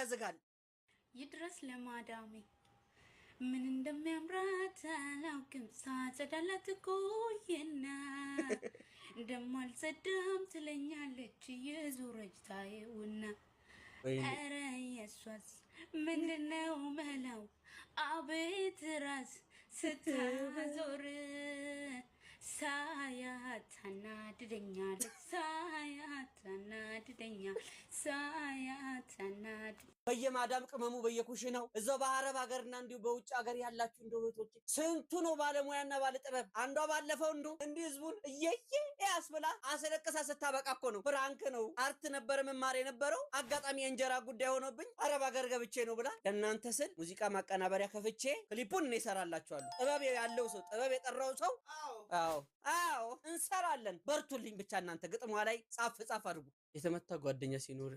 ያዘጋል። ይድረስ ለማዳሜ ምን እንደሚያምራት አላውቅም። ሳጸዳላት ቆየና ትለኛለች የዞረች ታየውና ኧረ የሷስ ምንድነው መላው አቤት ራስ ስታዞር ሳያታ በየማዳም ቅመሙ በየኩሽናው እዛው በአረብ ሀገርና እንዲሁ በውጭ ሀገር ያላችሁ እንደ እህቶች ስንቱ ነው ባለሙያና ባለጥበብ። አንዷ ባለፈው እንዱ እንዲህ ህዝቡን እየየ ያስብላ አስለቅሳ ስታበቃ እኮ ነው። ፍራንክ ነው አርት ነበረ መማር የነበረው አጋጣሚ የእንጀራ ጉዳይ ሆኖብኝ አረብ ሀገር ገብቼ ነው ብላ ለእናንተ ስል ሙዚቃ ማቀናበሪያ ከፍቼ ክሊፑን እኔ እሰራላችኋለሁ። ጥበብ ያለው ሰው ጥበብ የጠራው ሰው አዎ አዎ እንሰራለን። በርቱልኝ ብቻ እናንተ ግጥሟ ላይ ጻፍ ጻፍ አድርጉ። የተመታ ጓደኛ ሲኖር